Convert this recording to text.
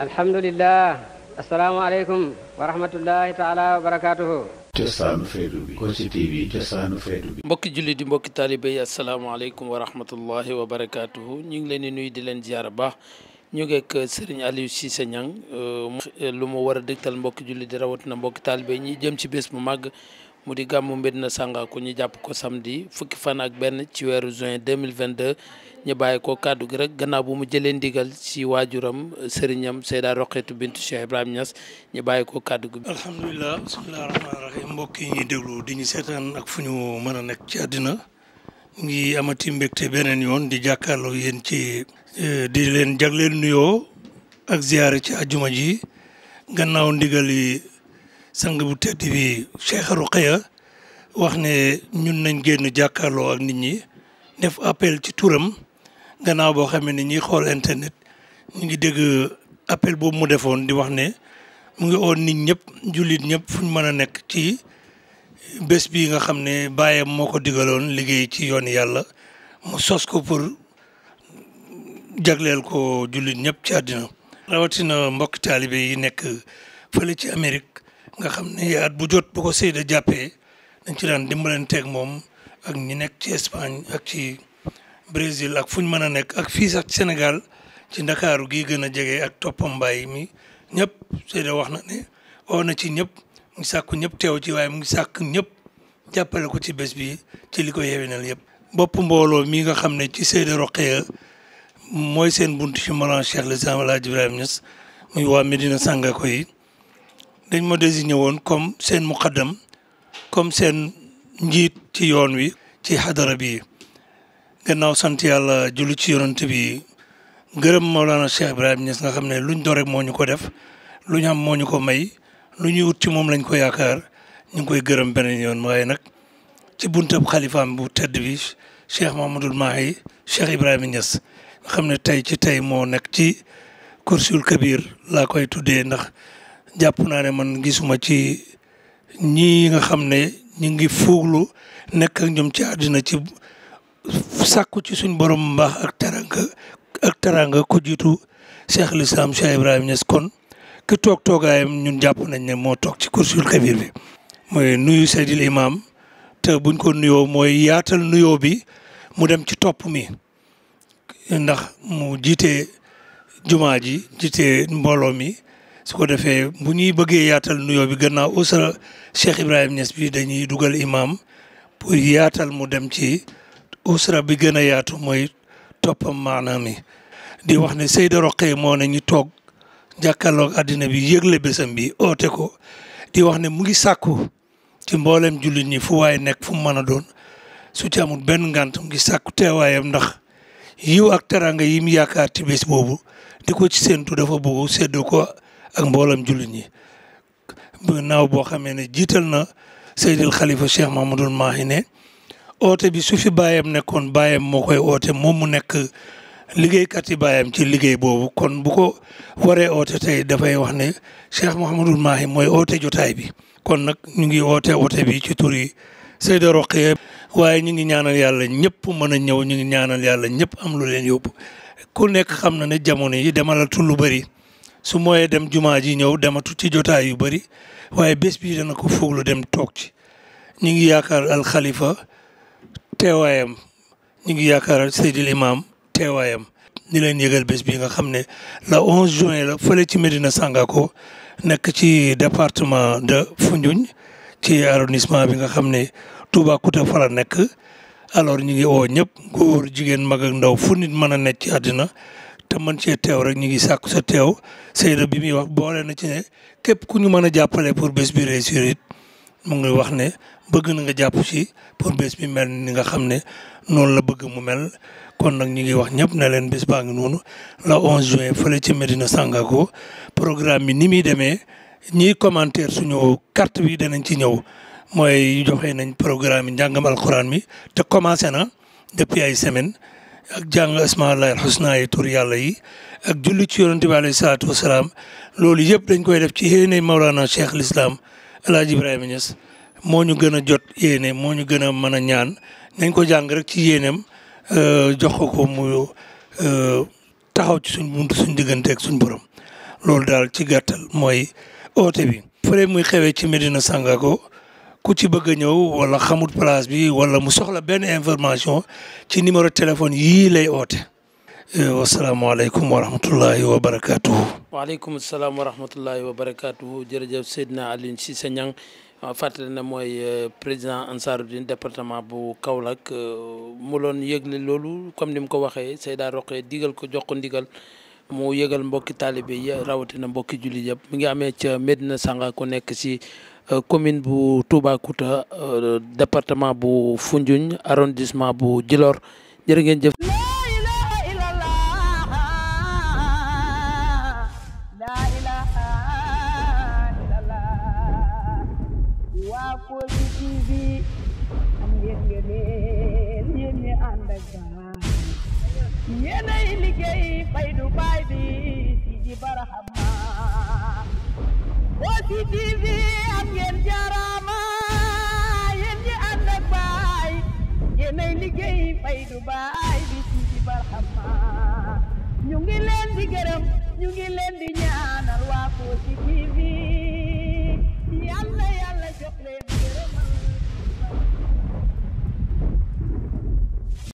alhamdulilah asalaamaaleykum wa rahmatullahi taala wa barakaatuhu cosaanu feetu bi Kossy TV cosaanu feetu bi mbokki julli di mbokki taalibe yi asalaamaaleykum wa rahmatullahi wa barakaatuhu ñu ngi leen di nuyu di leen ziyaara baax ñu ngi ak sëriñ Aliou Cissé Niang euh, lu mu war a dëgtal mbokki julli di rawat na mbokki taalibe ñi jëm ci bés bu màgg mu di gàmmu na Sangaku ñu jàpp ko samedi fukki fan ak benn ci weeru juin 2022 ñu bàyyi ko kàddu gi rek gannaaw bu mu jëlee ndigal ci waajuram sëriñam Seyda Roqeetu bintu Cheikh Ibrahima Niass ñu bàyyi ko kàddu gi. alhamdulilah bisimilah rahmaani rahim mbokk yi ñu déglu di ñu seetaan ak fu ñu mën a nekk ci àddina ngi amati mbégte beneen yoon di jàkkaarloo yéen ci. Eh, di leen jagleel nuyoo ak ziyaare ci àjjuma ji gannaaw ndigal sang bu tedd bi Cheikh Ruqaya wax ne ñun nañ génn jàkkaarloo ak nit ñi def appel ci turam gannaaw boo xamee ne ñi xool internet ñu ngi dégg appel boobu mu defoon di wax ne mu ngi oon nit ñëpp jullit ñëpp fu ñu mën a nekk ci bés bi nga xam ne bàyyam moo ko digaloon liggéey ci yoon yàlla mu sos ko pour jagleel ko jullit ñëpp ci àddina rawatina mbokki taalibe yi nekk fële ci Amérique nga xam ne at bu jot bu ko Seyda jàppee dañ ci daan dimbalanteeg moom ak ñi nekk ci Espagne ak ci Brésil ak fu ñu mën a nekk ak fii sax Sénégal ci ndakaaru gi gën a jege ak toppam mbay mi ñëpp Seyda wax na ne oo na ci ñëpp mu ngi sàkku ñëpp teew ci waaye mu ngi sàkk ñëpp jàppale ko ci bés bi ci li ko yewenal yëpp. bopp mbooloo mi nga xam ne ci Seyda Roqeya mooy seen bunt ci Mawlana Cheikh al Islam El Hadj Ibrahima Niass muy waa Medina Sangakoy dañ ma désigné woon comme seen muqaddam comme seen njiit ci yoon wi ci xadara bi gannaaw sant yàlla julli ci yonent bi gërëm Maulana Cheikh Ibrahim Niass nga xam ne lu do rek moo ñu ko def lu ñu am moo ñu ko may lu ñuy wut ci moom lañ ko yaakaar ñu ngi koy gërëm beneen yoon waaye nag ci buntab xalifaam bu tedd bi Cheikh Mahamadoul Mahi Cheikh Ibrahima Niass nga xam ne tey ci tey moo nekk ci kursul kabir laa koy tuddee ndax jàpp naa ne man gisuma ci ñii nga xam ne ñu ngi fuuglu nekk ak ñoom ci àddina ci sàkku ci suñ borom mbaax ak taranga ak taranga ko jiitu Cheikh Lislam Cheikh Ibrahima Niass kon ki toog toogaayam ñun jàpp nañ ne moo toog ci kursul kabir bi mooy nuyu Seydil Imaam te buñ ko nuyoo mooy yaatal nuyoo bi mu dem ci topp mi ndax mu jiite jumaa ji jiite mbooloo mi su ko defee bu ñuy bëggee yaatal nuyoo bi gannaaw usra Cheikh Ibrahim Niass bi dañuy dugal imam pour yaatal mu dem ci usra bi gën a yaatu mooy toppam maanaam yi di wax ne Seyda Roqee moo ne ñu toog jàkkaarloog àddina bi yëgle bésam bi oote ko di wax ne mu ngi sàkku ci mboolem jullit ñi fu waay nekk fu mu mën a doon su ci amul benn ngant mu ngi sàkku teewaayam ndax yiw ak teranga yim yaakaar ci bés boobu di ko ci séentu dafa bëgg séddoo ko ak mboolam jullit ñi naaw boo xamee ne jiital na Seydil Khalifa Cheikh Mahmadul Mahi ne oote bi su fi baayam kon baayam moo koy oote moom mu nekk liggéeykat yi baayam ci liggéey boobu kon bu ko waree oote tey dafay wax ne Cheikh Mahmadul Mahi mooy oote jotaay bi kon nag ñu ngi oote oote bi ci tur yi Seyda Roqee waaye ñu ngi ñaanal yàlla ñëpp mën a ñëw ñu ngi ñaanal yàlla ñëpp am lu leen yóbbu ku nekk xam na ne jamono yi demalal tullu bari su mooyee dem jumaa ji ñëw dematu ci jotaay yu bëri waaye bés bi dana ko lu dem toog ci ñu ngi yaakaar alkalifa teewaayam ñu ngi yaakaar seydil imaam teewaayam ñi leen yëgal bés bi nga xam ne la 11 juin la fële ci Médina Sàngako nekk ci département de Foundiougne ci arrondissement bi nga xam ne Toubacouta fa la nekk alors ñu ngi woo ñëpp góor jigéen mag ndaw fu nit mën a nekk ci àddina te mën cee teew rek ñu ngi sakku sa tew Seydou bi mi wax boole na ci ne kep ku ñu mëna jappalé pour bës bi réussir it mu ngi wax ne bëgg na nga japp ci pour bës bi mel ni nga xamné ne la bëgg mu mel kon nak ñu ngi wax ñep na leen bës baa ngi noonu la 11 juin feulé ci Medina Sangago programme mi ni mi démé ñi commentaire suñu carte bi dañ ci ñëw mooy joxé nañ programme jangam alcorane mi te commencé na depuis ay semaines. ak jàng asmaa llaahi al-husnaa yi tur yàlla yi ak julli ci yonent bi alayhi salaatu wa salaam loolu yëpp dañ koy def ci yéene Mawlana Cheikh Lislaam El Hadj Ibrahima Niass moo ñu gën a jot yéene moo ñu gën a mën a ñaan nañ ko jàng rek ci yéeneem euh, jox ko ko mu euh, taxaw ci suñ buntu suñ digganteeg suñ borom loolu daal ci gàttal mooy oote bi. fële muy xewee ci Medina Sangago ku ci bëgg a ñëw wala xamut place bi wala mu soxla benn information ci numéro téléphone yii lay oote. Euh, wasalaamaaleykum wa rahmatullahi wa barakaatuhu. waaleykum salaam wa rahmatullahi wa barakaatuhu jërëjëf si sa Cissé Niang fàttali na mooy euh, président Ansaarudine département bu Kaolack euh, mu loon yëgle loolu comme ni mu ko waxee Seyda Roqe digal ko jox ko ndigal. mu yëgal mbokki taalibe yi rawatina mbokki julli yëpp mi ngi amee ca Medina Sanga ko nekk si Euh, commune bu Touba Kouta euh, département bu Foundiougne arrondissement bu Djilor jërë ngeen jëf yéenay liggéey fay du nay liggéey fay du baay bi ci barxama ñu ngi leen gërëm ñu ngi leen di ñaanal waa Kossy